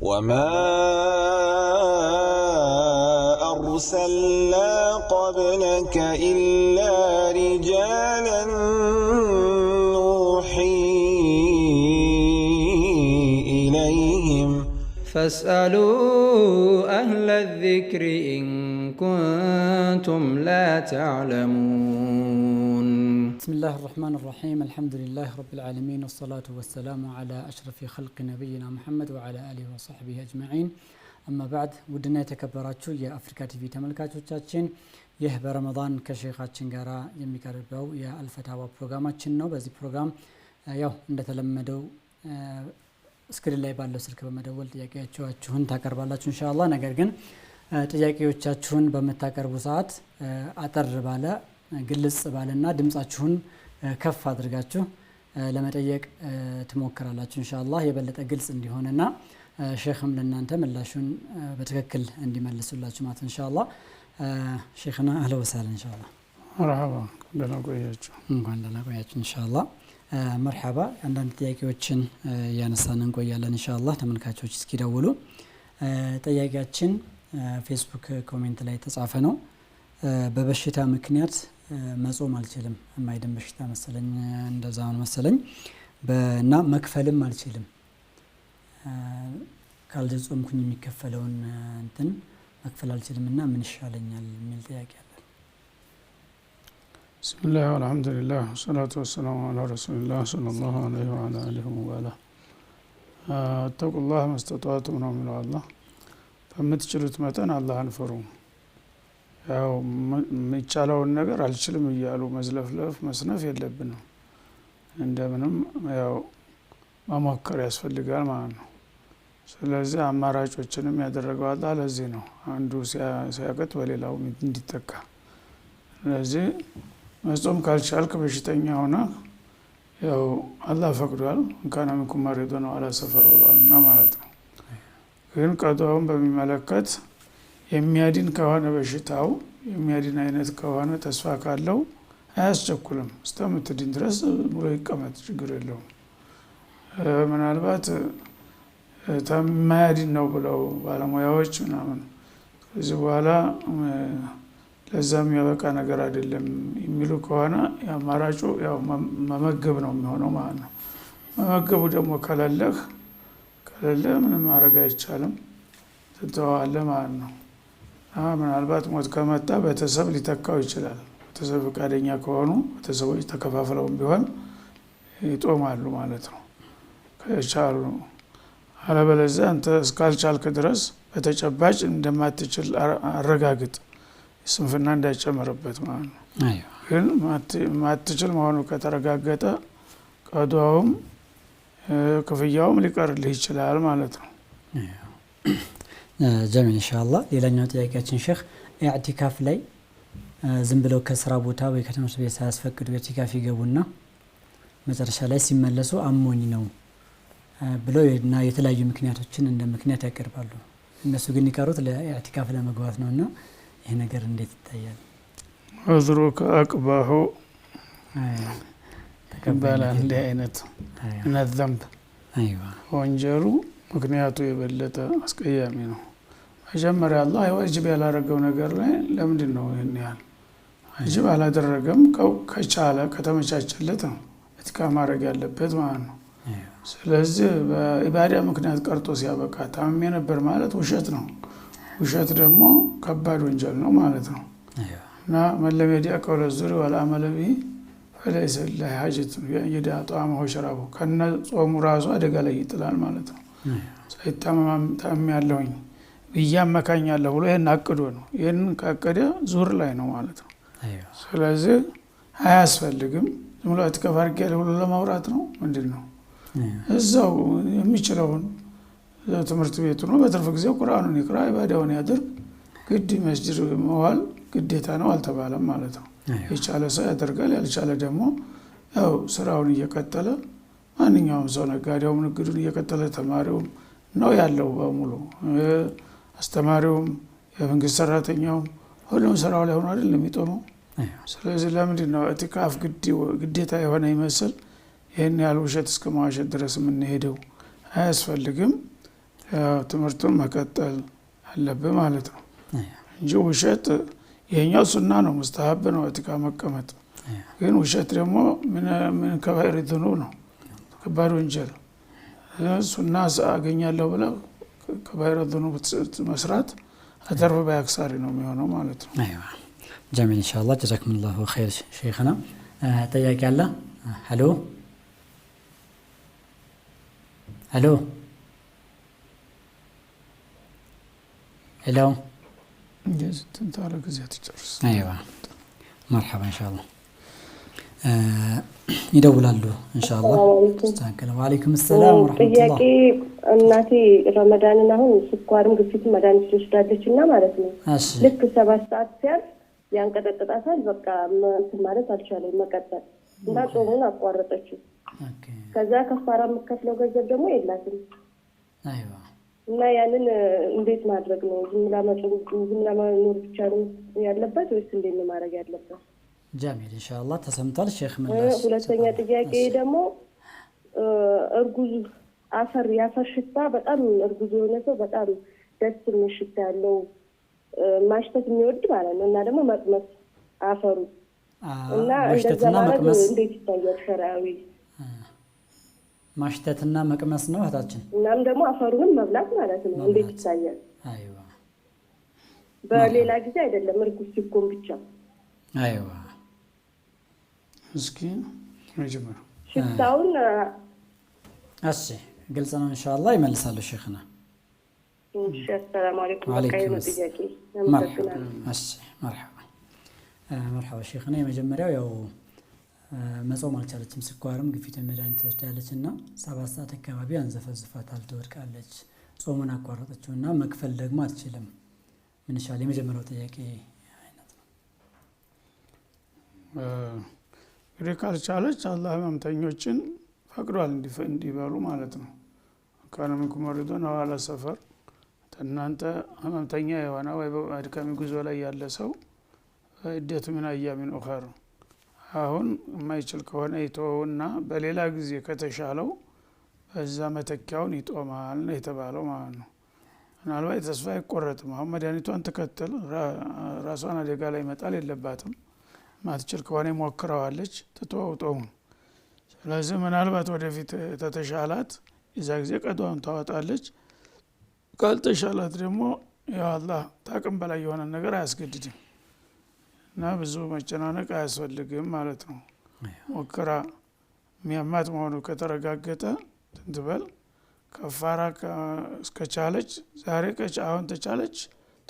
وما أرسلنا قبلك إلا رجالا نوحي إليهم فاسألوا أهل الذكر إن كنتم لا تعلمون بسم الله الرحمن الرحيم الحمد لله رب العالمين والصلاة والسلام على أشرف خلق نبينا محمد وعلى آله وصحبه أجمعين أما بعد ودنا يتكبراتشو يا أفريكا تيفي ተመልካቾቻችን ይህ በረመዳን ከሼኻችን ጋራ የሚቀርበው የአልፈታዋ ፕሮግራማችን ነው። በዚህ ፕሮግራም ያው እንደተለመደው ስክሪን ላይ ባለው ስልክ በመደወል ጥያቄያችኋችሁን ታቀርባላችሁ እንሻላ። ነገር ግን ጥያቄዎቻችሁን በምታቀርቡ ሰዓት አጠር ባለ ግልጽ ባለና ድምፃችሁን ከፍ አድርጋችሁ ለመጠየቅ ትሞክራላችሁ። እንሻላ የበለጠ ግልጽ እንዲሆንና ሼክም ለእናንተ ምላሹን በትክክል እንዲመልሱላችሁ ማለት እንሻላ። ሼክና አህለ ወሳል እንሻላ። መርሐባ ደህና ቆያችሁ። እንኳን ደህና ቆያችሁ። እንሻላ መርሓባ አንዳንድ ጥያቄዎችን እያነሳን እንቆያለን እንሻላ። ተመልካቾች እስኪደውሉ ጥያቄያችን ፌስቡክ ኮሜንት ላይ የተጻፈ ነው። በበሽታ ምክንያት መጾም አልችልም። የማይድን በሽታ መሰለኝ እንደዛ መሰለኝ እና መክፈልም አልችልም። ካልጾምኩኝ የሚከፈለውን እንትን መክፈል አልችልም እና ምን ይሻለኛል የሚል ጥያቄ አለ። ብስሚላህ አልሐምዱሊላህ ሰላቱ ወሰላሙ አላ ረሱሊላህ ሰለላሁ አለይሂ ወአላ አሊሂ ወበላ እተቁላህ መስተጧቱ ነው የሚለው አላህ። በምትችሉት መጠን አላህ ፍሩ። ያው የሚቻለውን ነገር አልችልም እያሉ መዝለፍለፍ መስነፍ የለብንም። እንደምንም ያው መሞከር ያስፈልጋል ማለት ነው። ስለዚህ አማራጮችንም ያደረገው አላህ ለዚህ ነው፣ አንዱ ሲያቅት በሌላው እንዲጠቃ። ስለዚህ መጾም ካልቻልክ በሽተኛ ሆነ ያው አላህ ፈቅዷል። እንካና ሚንኩም ነው አላ ሰፈር ብሏል እና ማለት ነው። ግን ቀዷውን በሚመለከት የሚያድን ከሆነ በሽታው የሚያድን አይነት ከሆነ ተስፋ ካለው አያስቸኩልም። እስከምትድን ድረስ ብሎ ይቀመጥ፣ ችግር የለውም። ምናልባት የማያድን ነው ብለው ባለሙያዎች ምናምን ከዚህ በኋላ ለዛ የሚያበቃ ነገር አይደለም የሚሉ ከሆነ አማራጩ ያው መመገብ ነው የሚሆነው ማለት ነው። መመገቡ ደግሞ ከለለህ ከለለ ምንም ማድረግ አይቻልም፣ ትተዋለህ ማለት ነው። ምናልባት ሞት ከመጣ ቤተሰብ ሊተካው ይችላል። ቤተሰብ ፈቃደኛ ከሆኑ ቤተሰቦች ተከፋፍለውም ቢሆን ይጦማሉ ማለት ነው ከቻሉ። አለበለዚያ አንተ እስካልቻልክ ድረስ በተጨባጭ እንደማትችል አረጋግጥ፣ ስንፍና እንዳይጨምርበት ማለት ነው። ግን ማትችል መሆኑ ከተረጋገጠ ቀዷውም ክፍያውም ሊቀርልህ ይችላል ማለት ነው። ጀምር እንሻላ። ሌላኛው ጥያቄያችን ሼክ ኤዕቲካፍ ላይ ዝም ብለው ከስራ ቦታ ወይ ከትምህርት ቤት ሳያስፈቅዱ ኤዕቲካፍ ይገቡና መጨረሻ ላይ ሲመለሱ አሞኝ ነው ብለው እና የተለያዩ ምክንያቶችን እንደ ምክንያት ያቀርባሉ። እነሱ ግን ይቀሩት ለኤዕቲካፍ ለመግባት ነው። እና ይሄ ነገር እንዴት ይታያል? ዑዝሩ ከአቅባሁ ይባላል። እንዲህ አይነት ነዘንብ ወንጀሉ ምክንያቱ የበለጠ አስቀያሚ ነው። መጀመሪያ አላህ የዋጅብ ያላረገው ነገር ላይ ለምንድን ነው ይህን ያህል ዋጅብ አላደረገም? ከቻለ ከተመቻቸለት ነው እትካ ማድረግ ያለበት ማለት ነው። ስለዚህ በኢባዳ ምክንያት ቀርቶ ሲያበቃ ታምሜ ነበር ማለት ውሸት ነው። ውሸት ደግሞ ከባድ ወንጀል ነው ማለት ነው። እና መለሜዲያ ቀውለ ዙሪ ወላአመለቢ ፈለይሰ ሊላሂ ሐጀቱን የዳ ጧማሁ ወሸራቡ ከነ ጾሙ ራሱ አደጋ ላይ ይጥላል ማለት ነው። ሳይታመም ታምሜ ያለሁኝ እያመካኛለሁ ብሎ ይህን አቅዶ ነው። ይህን ካቀደ ዙር ላይ ነው ማለት ነው። ስለዚህ አያስፈልግም። ዝም ብሎ አትከፍ አድርጌያለሁ ብሎ ለማውራት ነው። ምንድን ነው እዛው የሚችለውን ትምህርት ቤቱ ነው። በትርፍ ጊዜ ቁርአኑን ይቅራ፣ ኢባዳውን ያድርግ። ግድ መስጅድ መዋል ግዴታ ነው አልተባለም ማለት ነው። የቻለ ሰው ያደርጋል፣ ያልቻለ ደግሞ ያው ስራውን እየቀጠለ ማንኛውም ሰው ነጋዴውም ንግዱን እየቀጠለ ተማሪውም ነው ያለው በሙሉ አስተማሪውም የመንግስት ሰራተኛውም ሁሉም ስራው ላይ ሆኖ አይደል የሚጦመው። ስለዚህ ለምንድን ነው እትካፍ ግዴታ የሆነ ይመስል ይህን ያህል ውሸት እስከ መዋሸት ድረስ የምንሄደው? አያስፈልግም። ትምህርቱን መቀጠል አለብህ ማለት ነው እንጂ ውሸት ይሄኛው ሱና ነው፣ ሙስተሀብ ነው እትካ መቀመጥ። ግን ውሸት ደግሞ ምን ከባይር እንትኑ ነው ከባድ ወንጀል ሱና አገኛለሁ ብለው كبير الذنوب مسرات الدرب بأكثر إنه ميونه مالت أيوة جميل إن شاء الله جزاكم الله خير شيخنا آه تياك الله هلو هلو هلو جزت انت على جزيات أيوة مرحبا إن شاء الله ይደውላሉ። እንሻላ ዋሌይኩም ሰላም። ጥያቄ እናቴ ረመዳንን አሁን ስኳርም ግፊትም መድኃኒት ትወስዳለች እና ማለት ነው ልክ ሰባት ሰዓት ሲያል ያንቀጠቅጣታል። በቃ እንትን ማለት አልቻለም መቀጠል እና ጾሙን አቋረጠችው። ከዛ ከፋራ የምከፍለው ገንዘብ ደግሞ የላትም እና ያንን እንዴት ማድረግ ነው? ዝምላ መኖር ብቻ ነው ያለበት ወይስ እንዴት ነው ማድረግ ያለበት? ጀሚል እንሻላ ተሰምቷል። ሼክ ምላሽ ሁለተኛ ጥያቄ ደግሞ እርጉዝ አፈር የአፈር ሽታ በጣም እርጉዝ የሆነ ሰው በጣም ደስ የሚል ሽታ ያለው ማሽተት የሚወድ ማለት ነው እና ደግሞ መቅመስ አፈሩ እና እንደዛ እንዴት ይታያል ሸራዊ ማሽተትና መቅመስ ነው እህታችን። እናም ደግሞ አፈሩንም መብላት ማለት ነው እንዴት ይታያል? አይዋ በሌላ ጊዜ አይደለም እርጉዝ ሲኮን ብቻ አይዋ እስኪ መጀመሪያ ሽታውን እሺ፣ ግልጽ ነው። እንሻላ ይመልሳሉ ሼክና እሺ፣ አሰላሙ የመጀመሪያው ያው መጾም አልቻለችም፣ ስኳርም ግፊት መድኃኒት ትወስዳለች እና ሰባት ሰዓት አካባቢ አንዘፈዝፋታል፣ ትወድቃለች። ጾሙን አቋረጠችው እና መክፈል ደግሞ አትችልም። ምን የመጀመሪያው ጥያቄ አይነት ነው። እንግዲህ ካልቻለች አላህ ህመምተኞችን ፈቅዷል እንዲበሉ ማለት ነው። ካነ ሚንኩም መሪዶን አው ሰፈር እናንተ ህመምተኛ የሆነ ወይ በአድካሚ ጉዞ ላይ ያለ ሰው እደቱ ምን አያሚን ኡኸር አሁን የማይችል ከሆነ ይተወውና በሌላ ጊዜ ከተሻለው በዛ መተኪያውን ይጦማል ነው የተባለው ማለት ነው። ምናልባት ተስፋ አይቆረጥም። አሁን መድኃኒቷን ትከተል ራሷን አደጋ ላይ መጣል የለባትም። ማትችል ከሆነ ሞክረዋለች ትተወውጦሙ ስለዚህ ምናልባት ወደፊት ተተሻላት የዛ ጊዜ ቀዷን ታወጣለች። ካልተሻላት ደግሞ ያው አላህ ታቅም በላይ የሆነ ነገር አያስገድድም እና ብዙ መጨናነቅ አያስፈልግም ማለት ነው። ሞክራ ሚያማት መሆኑ ከተረጋገጠ ትንትበል ከፋራ እስከቻለች ዛሬ አሁን ተቻለች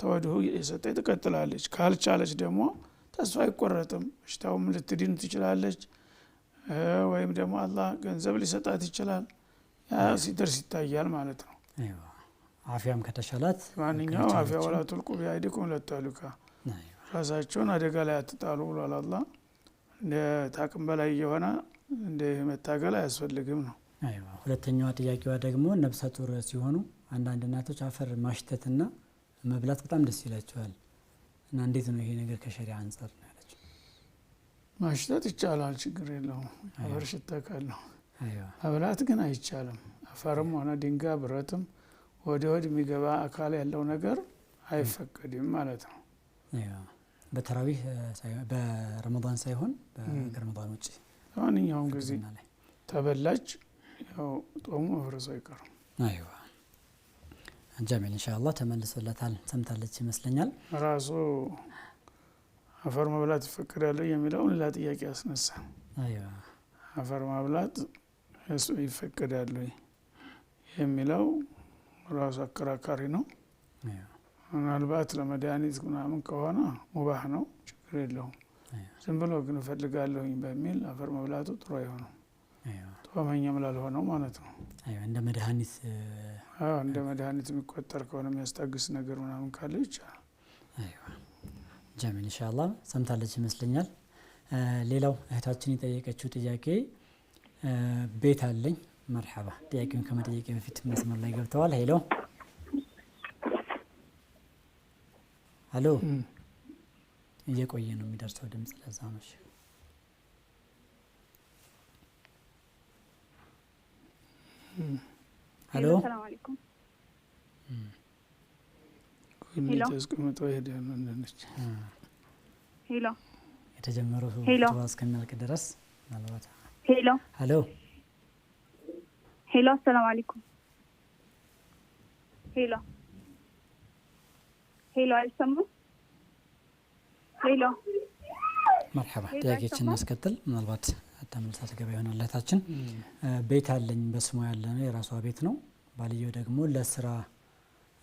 ተወድሁ የሰጠ ትቀጥላለች። ካልቻለች ደግሞ ተስፋ አይቆረጥም። በሽታውም ልትድን ትችላለች፣ ወይም ደግሞ አላህ ገንዘብ ሊሰጣት ይችላል። ሲደርስ ይታያል ማለት ነው። አፊያም ከተሻላት ማንኛውም አፊያ ወላ ቱልቁ ቢአይዲኩም ራሳቸውን አደጋ ላይ አትጣሉ ብሏል አላህ። ታቅም በላይ የሆነ እንደ መታገል አያስፈልግም ነው። ሁለተኛዋ ጥያቄዋ ደግሞ ነብሰ ጡር ሲሆኑ አንዳንድ እናቶች አፈር ማሽተትና መብላት በጣም ደስ ይላቸዋል። እና እንዴት ነው ይሄ ነገር ከሸሪያ አንጻር ነው ያለችው? ማሽተት ይቻላል፣ ችግር የለውም። አፈር ሽታ ካለው መብላት ግን አይቻልም። አፈርም ሆነ ድንጋይ ብረትም ወደ ወድ የሚገባ አካል ያለው ነገር አይፈቀድም ማለት ነው። በተራዊህ በረመዳን ሳይሆን ከረመዳን ውጭ ለማንኛውም ጊዜ ተበላች፣ ያው ጦሙ መፍረሱ አይቀርም። ጀሚል እንሻላ ተመልሶለታል። ሰምታለች ይመስለኛል። ራሱ አፈር መብላት ይፈቀዳል የሚለውን ሌላ ጥያቄ ያስነሳ። አፈር መብላት ይፈቀዳል የሚለው ራሱ አከራካሪ ነው። ምናልባት ለመድኃኒት ምናምን ከሆነ ሙባህ ነው፣ ችግር የለውም። ዝም ብሎ ግን እፈልጋለሁኝ በሚል አፈር መብላቱ ጥሩ አይሆነው። ጾመኛም ላልሆነው ማለት ነው። እንደ መድኃኒት እንደ መድኃኒት የሚቆጠር ከሆነ የሚያስታግስ ነገር ምናምን ካለ ይቻላል። ጃሚል እንሻላ ሰምታለች ይመስለኛል። ሌላው እህታችን የጠየቀችው ጥያቄ ቤት አለኝ። መርሐባ ጥያቄውን ከመጠየቄ በፊት መስመር ላይ ገብተዋል። ሄሎ አሎ እየቆየ ነው የሚደርሰው ድምጽ ለዛ ነው። Mm. ሄሎ ስቀምጦ የተጀመረው ሰው እስከሚያልቅ ድረስ ምናልባት ሄሎ ሄሎ ሄሎ አሰላሙ አለይኩም ሄሎ ሄሎ አልሰሙም ሄሎ መርሐባ ጥያቄዎችን እናስከትል ምናልባት ተመልሳት ገበያ የሆነለታችን ቤት አለኝ በስሟ ያለ ነው የራሷ ቤት ነው። ባልየው ደግሞ ለስራ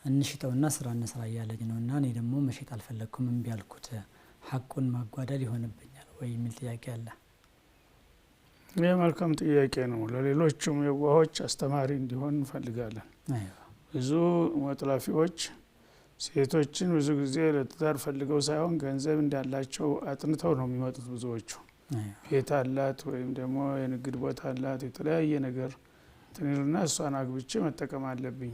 እንሽጠውና ስራ እንስራ እያለኝ ነው እና እኔ ደግሞ መሸጥ አልፈለግኩም እምቢ አልኩት። ሀቁን ማጓደል ይሆንብኛል ወይ የሚል ጥያቄ አለ። ይህ መልካም ጥያቄ ነው። ለሌሎችም የዋሆች አስተማሪ እንዲሆን እንፈልጋለን። ብዙ መጥላፊዎች ሴቶችን ብዙ ጊዜ ለትዳር ፈልገው ሳይሆን ገንዘብ እንዳላቸው አጥንተው ነው የሚመጡት ብዙዎቹ ቤት አላት ወይም ደግሞ የንግድ ቦታ አላት የተለያየ ነገር ትንልና እሷን አግብቼ መጠቀም አለብኝ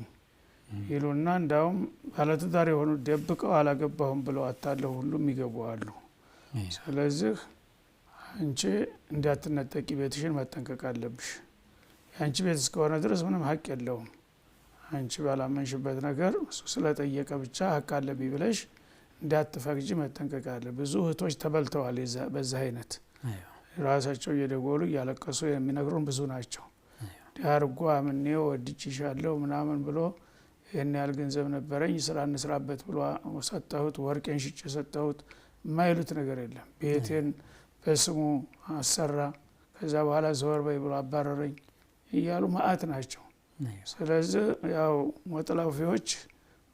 ይሉና እንዳውም ባለትዳር የሆኑ ደብቀው አላገባሁም ብለው አታለሁ ሁሉም ይገቡዋሉ። ስለዚህ አንቺ እንዳትነጠቂ ቤትሽን መጠንቀቅ አለብሽ። የአንቺ ቤት እስከሆነ ድረስ ምንም ሀቅ የለውም። አንቺ ባላመንሽበት ነገር እሱ ስለጠየቀ ብቻ ሀቅ አለብኝ ብለሽ እንዳትፈቅጂ መጠንቀቅ አለ። ብዙ እህቶች ተበልተዋል በዚህ አይነት ራሳቸው እየደወሉ እያለቀሱ የሚነግሩን ብዙ ናቸው። ዲያርጓ አምኔ ወድጄሻለሁ ምናምን ብሎ ይህን ያህል ገንዘብ ነበረኝ ስራ እንስራበት ብሎ ሰጠሁት፣ ወርቄን ሽጬ ሰጠሁት፣ የማይሉት ነገር የለም። ቤቴን በስሙ አሰራ፣ ከዛ በኋላ ዘወር በይ ብሎ አባረረኝ እያሉ ማአት ናቸው። ስለዚህ ያው ሞጥላፊዎች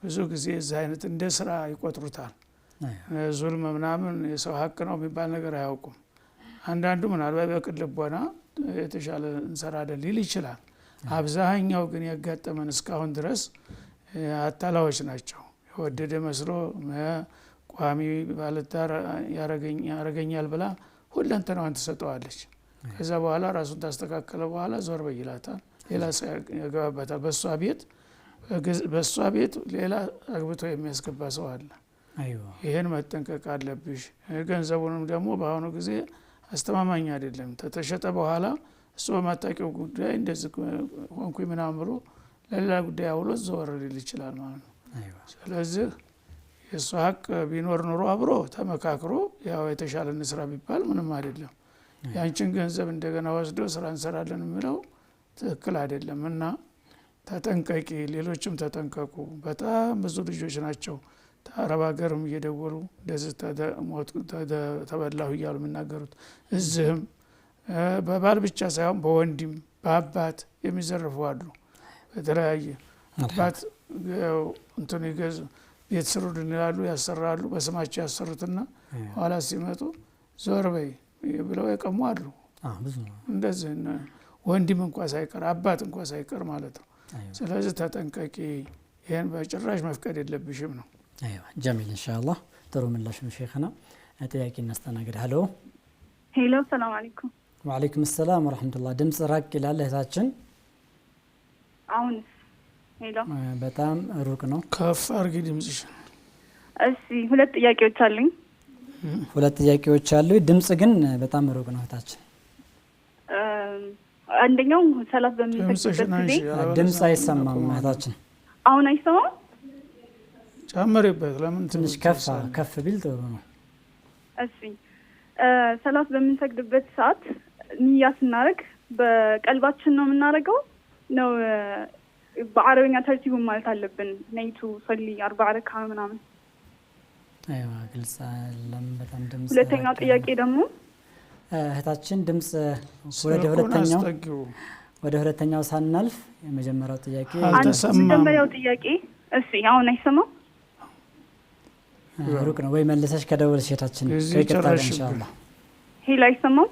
ብዙ ጊዜ እዚህ አይነት እንደ ስራ ይቆጥሩታል። ዙልም ምናምን የሰው ሀቅ ነው የሚባል ነገር አያውቁም። አንዳንዱ ምናልባት በቅድ ልቦና የተሻለ እንሰራ ሊል ይችላል። አብዛኛው ግን ያጋጠመን እስካሁን ድረስ አታላዎች ናቸው። የወደደ መስሎ ቋሚ ባለትዳር ያረገኛል ብላ ሁለንተናዋን ትሰጠዋለች። ከዛ በኋላ ራሱን ታስተካከለ በኋላ ዞር በይ ሌላ ሰው በእሷ ቤት በእሷ ቤት ሌላ አግብቶ የሚያስገባ ሰው አለ። ይህን መጠንቀቅ አለብሽ። ገንዘቡንም ደግሞ በአሁኑ ጊዜ አስተማማኝ አይደለም። ተተሸጠ በኋላ እሱ በማታቂው ጉዳይ እንደዚህ ሆንኩኝ ምናምሩ ለሌላ ጉዳይ አውሎ ዘወር ሊል ይችላል ማለት ነው። ስለዚህ የእሱ ሀቅ ቢኖር ኑሮ አብሮ ተመካክሮ ያው የተሻለ እንስራ ቢባል ምንም አይደለም። ያንቺን ገንዘብ እንደገና ወስዶ ስራ እንሰራለን የሚለው ትክክል አይደለም እና ተጠንቀቂ፣ ሌሎችም ተጠንቀቁ። በጣም ብዙ ልጆች ናቸው አረብ ሀገርም እየደወሉ እንደዚህ ተበላሁ እያሉ የሚናገሩት እዚህም በባል ብቻ ሳይሆን በወንድም በአባት የሚዘርፉ አሉ። በተለያየ አባት እንትን ይገዙ ቤት ስሩልን ይላሉ፣ ያሰራሉ። በስማቸው ያሰሩትና ኋላ ሲመጡ ዞር በይ ብለው የቀሙ አሉ። እንደዚህ ወንድም እንኳ ሳይቀር አባት እንኳ ሳይቀር ማለት ነው። ስለዚህ ተጠንቀቂ፣ ይህን በጭራሽ መፍቀድ የለብሽም ነው ጀሚል እንሻላ ጥሩ ምላሽ ነው ሼክና። ጥያቄ እናስተናግድ። ሀሎ ሄሎ፣ ሰላም አለይኩም። ወአለይኩም ሰላም ወረሕመቱላ። ድምፅ ራቅ ይላል እህታችን። አሁን በጣም ሩቅ ነው፣ ከፍ አርጊ ድምፅሽ። እሺ፣ ሁለት ጥያቄዎች አሉኝ። ሁለት ጥያቄዎች አሉ፣ ድምጽ ግን በጣም ሩቅ ነው እህታችን። አንደኛው ሰላት በምንሰግድበት ጊዜ ድምጽ አይሰማም እህታችን። አሁን አይሰማም ጨምሪበት። ለምን ትንሽ ከፍ ከፍ ቢል ጥሩ ነው። እሺ ሰላት በምንሰግድበት ሰዓት ንያ ስናደርግ በቀልባችን ነው የምናደርገው ነው። በአረበኛ ተርቲቡ ማለት አለብን። ነይቱ ሰሊ አርባ ረካ ምናምን። ግልጽ አለም በጣም ድምፅ። ሁለተኛው ጥያቄ ደግሞ እህታችን ድምፅ ወደ ሁለተኛው ወደ ሁለተኛው ሳናልፍ የመጀመሪያው ጥያቄ መጀመሪያው ጥያቄ እሺ፣ አሁን አይሰማም ሩቅ ነው ወይ መልሰሽ ከደወልሽ ሴታችን ይቅርታል። እንሻላ ሄሎ፣ አይሰማም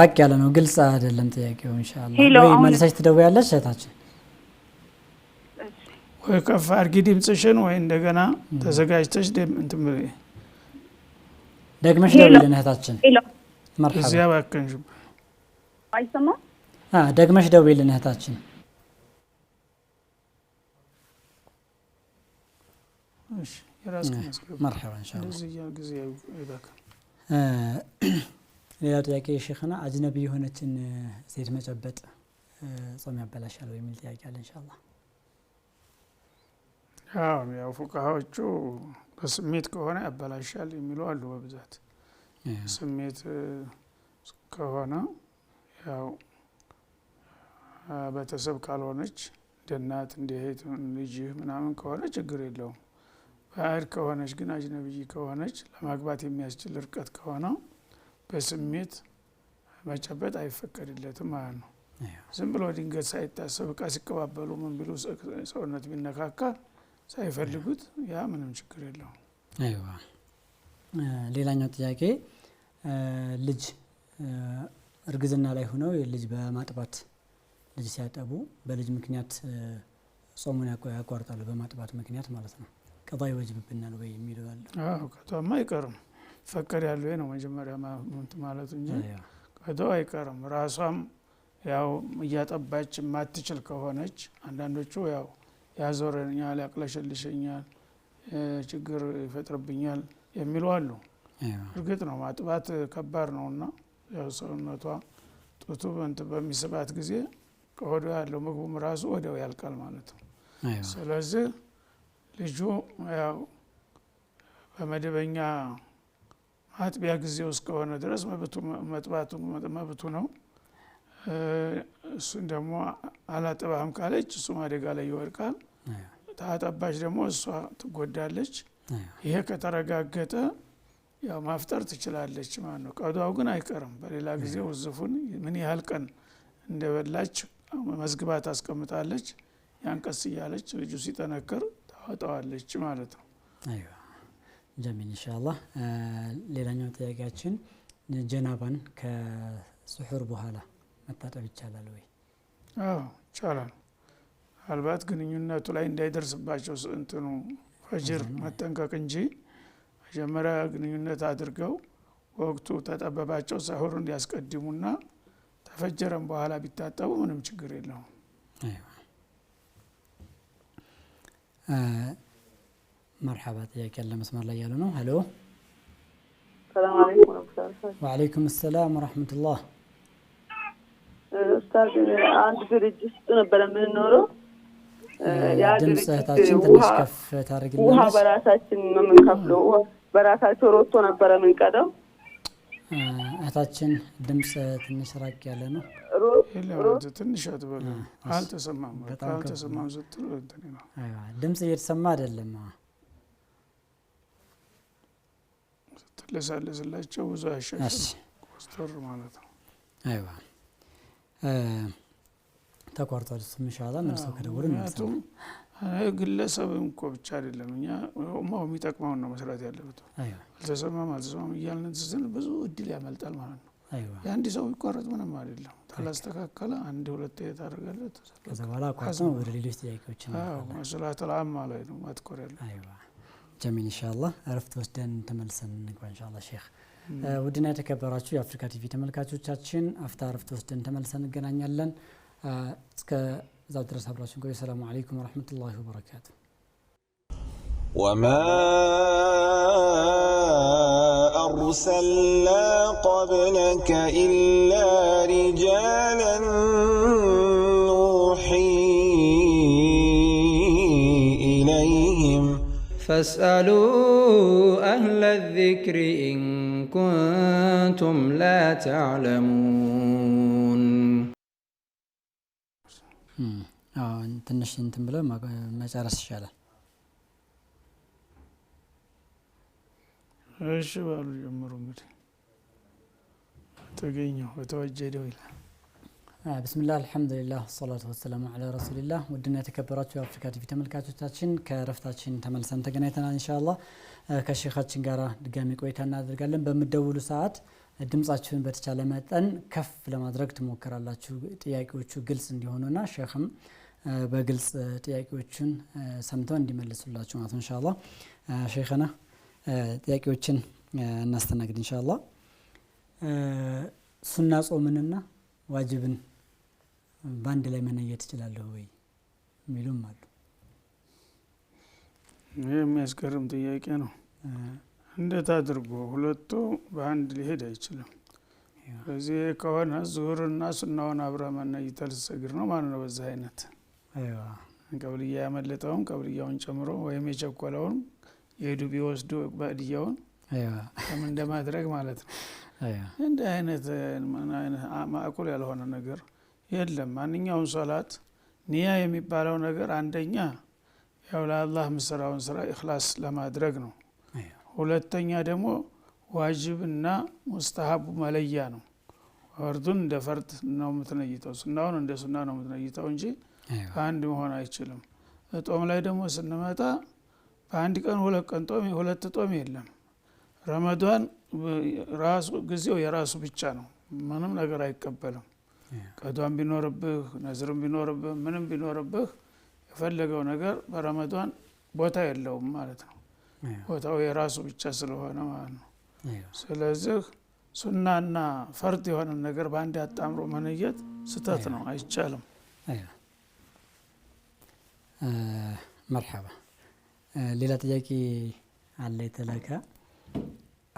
ራቅ ያለ ነው፣ ግልጽ አይደለም ጥያቄው። እንሻላ ወይ መልሰሽ ትደውያለሽ ሴታችን። ወይ ከፍ አድርጊ ድምፅሽን፣ ወይ እንደገና ተዘጋጅተሽ እንትን ደግመሽ ደውልን እህታችን። እዚያ ባከንሽ አይሰማ ደግመሽ ደውልን እህታችን። እሺ መርሐባ ሌላ ጥያቄ ሼክና አጅነቢ የሆነችን ሴት መጨበጥ ጾም ያበላሻል የሚል ጥያቄ አለ። እንሻላ ያው ፉቃሃዎቹ በስሜት ከሆነ ያበላሻል የሚሉ አሉ። በብዛት ስሜት ከሆነ ያው በተሰብ ካልሆነች እንደ እናት እንደ እህት ልጅህ ምናምን ከሆነ ችግር የለውም። ባህር ከሆነች ግን አጅነብይ ከሆነች ለማግባት የሚያስችል እርቀት ከሆነው በስሜት መጨበጥ አይፈቀድለትም ማለት ነው። ዝም ብሎ ድንገት ሳይታሰብ እቃ ሲቀባበሉ ምን ቢሉ ሰውነት ቢነካካ ሳይፈልጉት ያ ምንም ችግር የለውም። አይዋ ሌላኛው ጥያቄ ልጅ እርግዝና ላይ ሆነው የልጅ በማጥባት ልጅ ሲያጠቡ በልጅ ምክንያት ጾሙን ያቋርጣሉ፣ በማጥባት ምክንያት ማለት ነው። ቀጣ ይወጅብብናል ወይ የሚለው አለ። ቀጧማ አይቀርም ፈቀድ ያለው ነው መጀመሪያ ማለት እንጂ ቀዶ አይቀርም። ራሷም ያው እያጠባች የማትችል ከሆነች አንዳንዶቹ ያው ያዞረኛል፣ ያቅለሸልሸኛል፣ ችግር ይፈጥርብኛል የሚሉ አሉ። እርግጥ ነው ማጥባት ከባድ ነው ነውና ያው ሰውነቷ ጡቱ በሚስባት ጊዜ ከሆዶ ያለው ምግቡም ራሱ ወደው ያልቃል ማለት ነው። ስለዚህ ልጁ ያው በመደበኛ ማጥቢያ ውስጥ እስከሆነ ድረስ መብቱ መጥባቱ መብቱ ነው። እሱን ደግሞ አላጠባህም ካለች እሱም አደጋ ላይ ይወድቃል። ታጠባች ደግሞ እሷ ትጎዳለች። ይሄ ከተረጋገጠ ያው ማፍጠር ትችላለች ማለት ነው። ቀዷው ግን አይቀርም። በሌላ ጊዜ ውዝፉን ምን ያህል ቀን እንደበላች መዝግባ ታስቀምጣለች። ያንቀስ እያለች ልጁ ሲጠነክር ታወጣዋለች ማለት ነው። ጀሚል ኢንሻአላህ። ሌላኛው ጥያቄያችን ጀናባን ከስሑር በኋላ መታጠብ ይቻላል ወይ? አዎ ይቻላል። ምናልባት ግንኙነቱ ላይ እንዳይደርስባቸው እንትኑ ፈጅር መጠንቀቅ እንጂ መጀመሪያ ግንኙነት አድርገው ወቅቱ ተጠበባቸው ሰሁር እንዲያስቀድሙና ተፈጀረም በኋላ ቢታጠቡ ምንም ችግር የለውም። መርሓባ ጥያቄ ያለ መስመር ላይ ያሉ ነው። ሀሎ ወዓለይኩም ሰላም ወረሕመቱላህ። ኡስታዝ አንድ ድርጅት ውስጥ ነበረ የምንኖረው። ድምፅ እህታችን ትንሽ ከፍ ታደርግልናለች። ውሃ በራሳችን ነው የምንከፍለው። በራሳቸው ሮቶ ነበረ የምንቀደው። እህታችን ድምፅ ትንሽ ራቅ ያለ ነው። ትንሽ አትበል፣ አልተሰማም አልተሰማም ስትል ድምፅ እየተሰማ አይደለም። ስትለሳለስላቸው ብዙ አያሻሽም፣ ኮስተር ማለት ነው። አይዋ ተቋርጧል። እሱም ኢንሻላህ መልሰው ከደወሉ ምክንያቱም ግለሰብ እኮ ብቻ አይደለም እኛ ማው የሚጠቅመውን ነው መስራት ያለበት። አልተሰማም አልተሰማም እያልን ብዙ እድል ያመልጣል ማለት ነው። የአንድ ሰው ቢቋረጥ ምንም አይደለም። ካላስተካከለ አንድ ሁለት የታደርጋለት ከዛ በኋላ አቋርጠው ወደ ሌሎች ጥያቄዎች ማስላት ልአም ላይ ነው ማትኮር ያለ ጀሚል እንሻላ እረፍት ወስደን ተመልሰን እንግባ እንሻላ ሼክ። ውድና የተከበራችሁ የአፍሪካ ቲቪ ተመልካቾቻችን አፍታ እረፍት ወስደን ተመልሰን እንገናኛለን። እስከዛው ድረስ አብራችን ቆዩ። ሰላሙ አለይኩም ወረሕመቱላሂ ወበረካቱ ወማ أرسلنا قبلك إلا رجالا نوحي إليهم فاسألوا أهل الذكر إن كنتم لا تعلمون ትንሽ እንትን آه، ما መጨረስ ይሻላል እሺ ባሉ ጀምሩ እንግዲህ ተገኘሁ በተወጀደው ይላል። ብስሚላህ አልሐምዱሊላህ ሰላቱ ወሰላሙ አላ ረሱሊላህ። ውድና የተከበራችሁ የአፍሪካ ቲቪ ተመልካቾቻችን ከእረፍታችን ተመልሰን ተገናኝተናል። እንሻላ ከሼካችን ጋር ድጋሚ ቆይታ እናደርጋለን። በምደውሉ ሰዓት ድምጻችሁን በተቻለ መጠን ከፍ ለማድረግ ትሞክራላችሁ፣ ጥያቄዎቹ ግልጽ እንዲሆኑና ሼኽም በግልጽ ጥያቄዎቹን ሰምተው እንዲመልሱላችሁ ማለት ነው። ኢንሻአላህ ጥያቄዎችን እናስተናግድ እንሻላ። ሱና ጾምንና ዋጅብን በአንድ ላይ መነየት እችላለሁ ወይ የሚሉም አሉ። ይህ የሚያስገርም ጥያቄ ነው። እንዴት አድርጎ ሁለቱ በአንድ ሊሄድ አይችልም። በዚህ ከሆነ ዙሁርና ሱናውን አብረ መነይተ ልትሰግድ ነው ማለት ነው። በዚህ አይነት ቀብልያ ያመለጠውን ቀብልያውን ጨምሮ ወይም የቸኮለውን የሄዱ ቢወስዱ በድያውን ከም እንደማድረግ ማለት ነው። እንዲህ አይነት ማዕቁል ያልሆነ ነገር የለም። ማንኛውም ሶላት ኒያ የሚባለው ነገር አንደኛ ያው ለአላህ ምስራውን ስራ ኢክላስ ለማድረግ ነው። ሁለተኛ ደግሞ ዋጅብና ሙስተሀቡ መለያ ነው። ፈርዱን እንደ ፈርድ ነው የምትነይተው፣ ሱናውን እንደ ሱና ነው የምትነይተው እንጂ አንድ መሆን አይችልም። እጦም ላይ ደግሞ ስንመጣ በአንድ ቀን ሁለት ቀን ጦም ሁለት ጦም የለም። ረመዷን ራሱ ጊዜው የራሱ ብቻ ነው። ምንም ነገር አይቀበልም። ቀዷን ቢኖርብህ ነዝርም ቢኖርብህ ምንም ቢኖርብህ የፈለገው ነገር በረመዷን ቦታ የለውም ማለት ነው። ቦታው የራሱ ብቻ ስለሆነ ማለት ነው። ስለዚህ ሱናና ፈርድ የሆነ ነገር በአንድ አጣምሮ መነየት ስተት ነው፣ አይቻልም። መርሐባ ሌላ ጥያቄ አለ የተላከ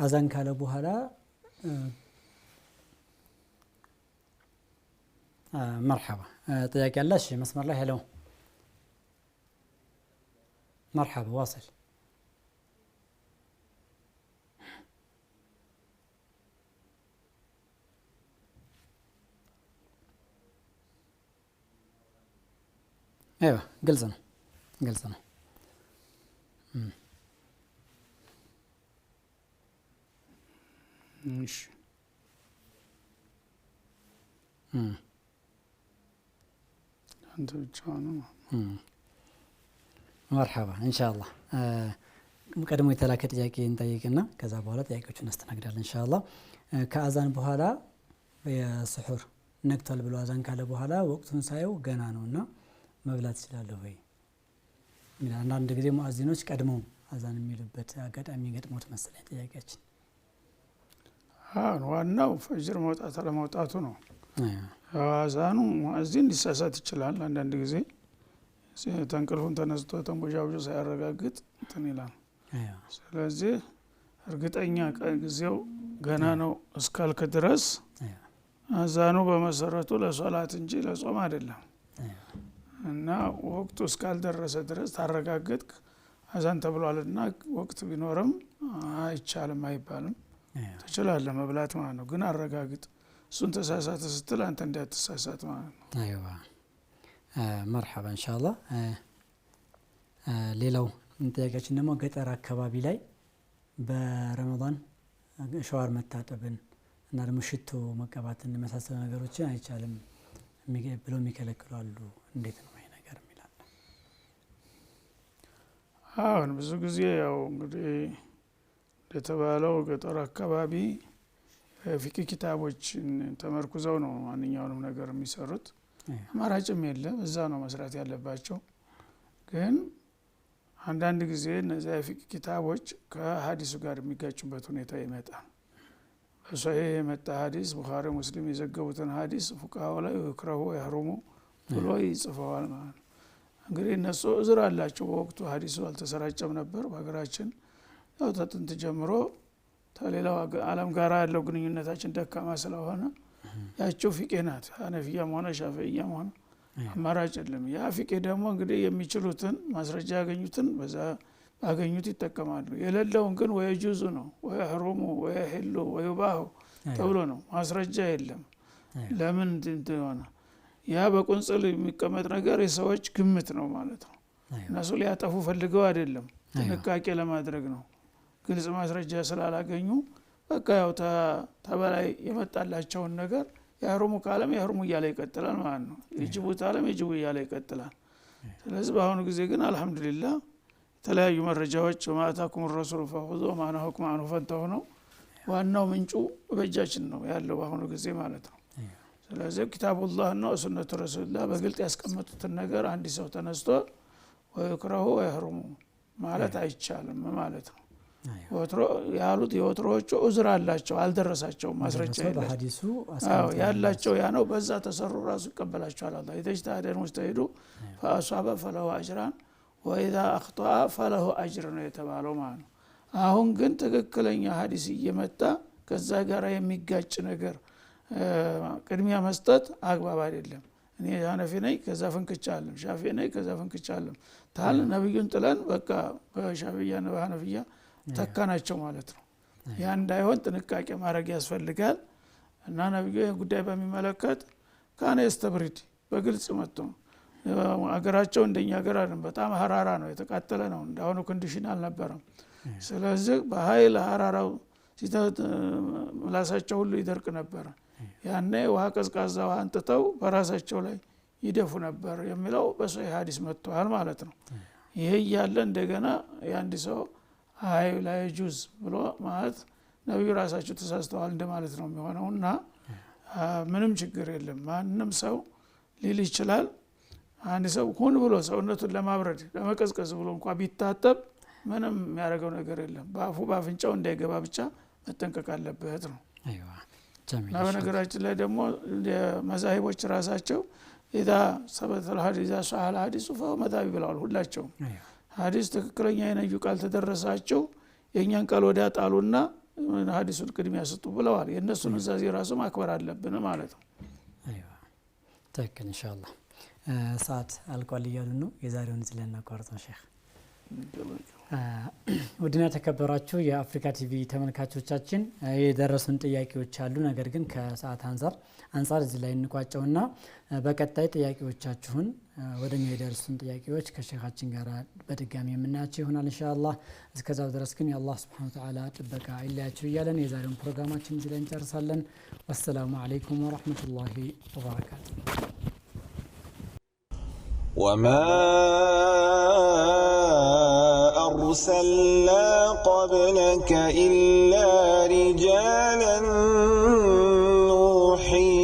አዛን ካለ በኋላ መርሐባ ጥያቄ አለ እሺ መስመር ላይ ሄለው መርሐባ ዋስል ايوه قلزنا قلزنا እሺ አንተ ብቻ ነው። መርሐባ እንሻላ ቀድሞ የተላከ ጥያቄ እንጠይቅና ከዛ በኋላ ጥያቄዎቹን እናስተናግዳለን። እንሻላ ከአዛን በኋላ የስሑር ነግቷል ብሎ አዛን ካለ በኋላ ወቅቱን ሳየው ገና ነው እና መብላት ይችላለሁ ወይ? አንዳንድ ጊዜ ሙአዚኖች ቀድመው አዛን የሚሉበት አጋጣሚ ገጥሞት መሰለኝ ጥያቄያችን ዋናው ፈጅር መውጣት አለመውጣቱ ነው። አዛኑ እዚህ እንዲሳሳት ይችላል። አንዳንድ ጊዜ ተንቅልፉን ተነስቶ ተንጎዣውጆ ሳያረጋግጥ እንትን ይላል። ስለዚህ እርግጠኛ ጊዜው ገና ነው እስካልክ ድረስ አዛኑ በመሰረቱ ለሶላት እንጂ ለጾም አይደለም እና ወቅቱ እስካልደረሰ ድረስ ታረጋግጥ አዛን ተብሏልና ወቅት ቢኖርም አይቻልም አይባልም። ትችላለ መብላት ማለት ነው። ግን አረጋግጥ፣ እሱን ተሳሳተ ስትል አንተ እንዳትሳሳት ማለት ነው። አይዋ መርሓባ እንሻላ። ሌላው ጥያቄያችን ደግሞ ገጠር አካባቢ ላይ በረመን ሸዋር መታጠብን እና ደግሞ ሽቶ መቀባትን መሳሰሉ ነገሮችን አይቻልም ብለው የሚከለክሉ አሉ። እንዴት ነው ይሄ ነገር የሚላል አሁን ብዙ ጊዜ ያው እንግዲህ እንደተባለው ገጠር አካባቢ ፊቅ ኪታቦችን ተመርኩዘው ነው ማንኛውንም ነገር የሚሰሩት። አማራጭም የለ፣ እዛ ነው መስራት ያለባቸው። ግን አንዳንድ ጊዜ እነዚያ የፊቂ ኪታቦች ከሀዲሱ ጋር የሚጋጩበት ሁኔታ ይመጣል። በሶሄ የመጣ ሀዲስ ቡኻሪ ሙስሊም የዘገቡትን ሀዲስ ፉቃሁ ላይ ክረሁ ያህሩሙ ብሎ ይጽፈዋል ማለት ነው። እንግዲህ እነሱ እዝር አላቸው። በወቅቱ ሀዲሱ አልተሰራጨም ነበር በሀገራችን ያው ተጥንት ጀምሮ ከሌላው አለም ጋር ያለው ግንኙነታችን ደካማ ስለሆነ ያቸው ፊቄ ናት። ሀነፊያም ሆነ ሻፈያም ሆነ አማራጭ የለም። ያ ፊቄ ደግሞ እንግዲህ የሚችሉትን ማስረጃ ያገኙትን በዛ አገኙት ይጠቀማሉ። የሌለውን ግን ወይ ጁዙ ነው ወይ ህሩሙ ወይ ሂሉ ወይ ባሁ ተብሎ ነው። ማስረጃ የለም። ለምን ሆነ ያ በቁንጽል የሚቀመጥ ነገር የሰዎች ግምት ነው ማለት ነው። እነሱ ሊያጠፉ ፈልገው አይደለም፣ ጥንቃቄ ለማድረግ ነው። ግልጽ ማስረጃ ስላላገኙ በቃ ያው ተበላይ የመጣላቸውን ነገር የህርሙ ካለም የህርሙ እያለ ይቀጥላል ማለት ነው። የጅቡት አለም የጅቡ እያለ ይቀጥላል። ስለዚህ በአሁኑ ጊዜ ግን አልሐምዱሊላ የተለያዩ መረጃዎች ማአታኩም ረሱሉ ማና ወማነሃኩም አኑ ፈንተሁ ነው። ዋናው ምንጩ በእጃችን ነው ያለው በአሁኑ ጊዜ ማለት ነው። ስለዚህ ና ሱነቱ ረሱሉላ በግልጽ ያስቀመጡትን ነገር አንድ ሰው ተነስቶ ወይክረሁ ወይህርሙ ማለት አይቻልም ማለት ነው። ያሉት የወትሮዎቹ ዑዝር አላቸው፣ አልደረሳቸው ማስረጃ ያላቸው ያ ነው። በዛ ተሰሩ ራሱ ይቀበላቸዋል። አላ የተጅታደን ውስጥ ሄዱ ፈአሷበ ፈለሁ አጅራን ወኢዛ አክጠአ ፈለሁ አጅር ነው የተባለው ማለት ነው። አሁን ግን ትክክለኛ ሀዲስ እየመጣ ከዛ ጋር የሚጋጭ ነገር ቅድሚያ መስጠት አግባብ አይደለም። እኔ ሀነፊ ነኝ ከዛ ፍንክቻ አለም፣ ሻፊ ነኝ ከዛ ፍንክቻ አለም ታል ነቢዩን ጥለን በቃ በሻፊያ በሀነፊያ ተካናቸው ማለት ነው። ያ እንዳይሆን ጥንቃቄ ማድረግ ያስፈልጋል እና ነቢዩ ጉዳይ በሚመለከት ካነ የስተብሪድ በግልጽ መጥቶ አገራቸው እንደኛ ሀገር አለም በጣም ሀራራ ነው፣ የተቃጠለ ነው። እንዳሁኑ ኮንዲሽን አልነበረም። ስለዚህ በሀይል ሀራራው ምላሳቸው ሁሉ ይደርቅ ነበረ። ያኔ ውሃ ቀዝቃዛ ውሃ አንጥተው በራሳቸው ላይ ይደፉ ነበር የሚለው በሶሒህ ሀዲስ መጥተዋል ማለት ነው። ይህ እያለ እንደገና የአንድ ሰው አይ ጁዝ ብሎ ማለት ነቢዩ ራሳቸው ተሳስተዋል እንደማለት ነው የሚሆነው እና ምንም ችግር የለም። ማንም ሰው ሊል ይችላል። አንድ ሰው ሁን ብሎ ሰውነቱን ለማብረድ ለመቀዝቀዝ ብሎ እንኳ ቢታጠብ ምንም የሚያደርገው ነገር የለም። በአፉ በአፍንጫው እንዳይገባ ብቻ መጠንቀቅ አለበት ነው እና በነገራችን ላይ ደግሞ መዛሂቦች ራሳቸው ኢዛ ሰበተል ኢዛ ሷሀል ሀዲሱ ፈሁ መዛሂብ ብለዋል ሁላቸውም ሀዲስ ትክክለኛ የነዩ ቃል ተደረሳቸው የእኛን ቃል ወዲያ ጣሉና ሀዲሱን ቅድሚያ ስጡ ብለዋል። የእነሱን እዛዜ ራሱ ማክበር አለብን ማለት ነው። ትክክል እንሻላ ሰዓት አልቋል እያሉ ነው። የዛሬውን ዝለና ቋርጦ ሼክ ውድና ተከበራችሁ የአፍሪካ ቲቪ ተመልካቾቻችን የደረሱን ጥያቄዎች አሉ። ነገር ግን ከሰዓት አንጻር አንጻር እዚህ ላይ እንቋጨውና በቀጣይ ጥያቄዎቻችሁን ወደ እኛ የደረሱን ጥያቄዎች ከሼካችን ጋር በድጋሚ የምናያቸው ይሆናል እንሻላ እስከዛው ድረስ ግን የአላህ ስብሐነሁ ወተዓላ ጥበቃ አይለያቸው እያለን የዛሬውን ፕሮግራማችን እዚህ ላይ እንጨርሳለን። ወሰላሙ አለይኩም ወረህመቱላሂ ወበረካቱ። أرسلنا قبلك إلا رجالا نوحي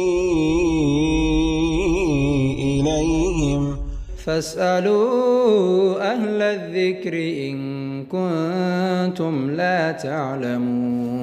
إليهم فاسألوا أهل الذكر إن كنتم لا تعلمون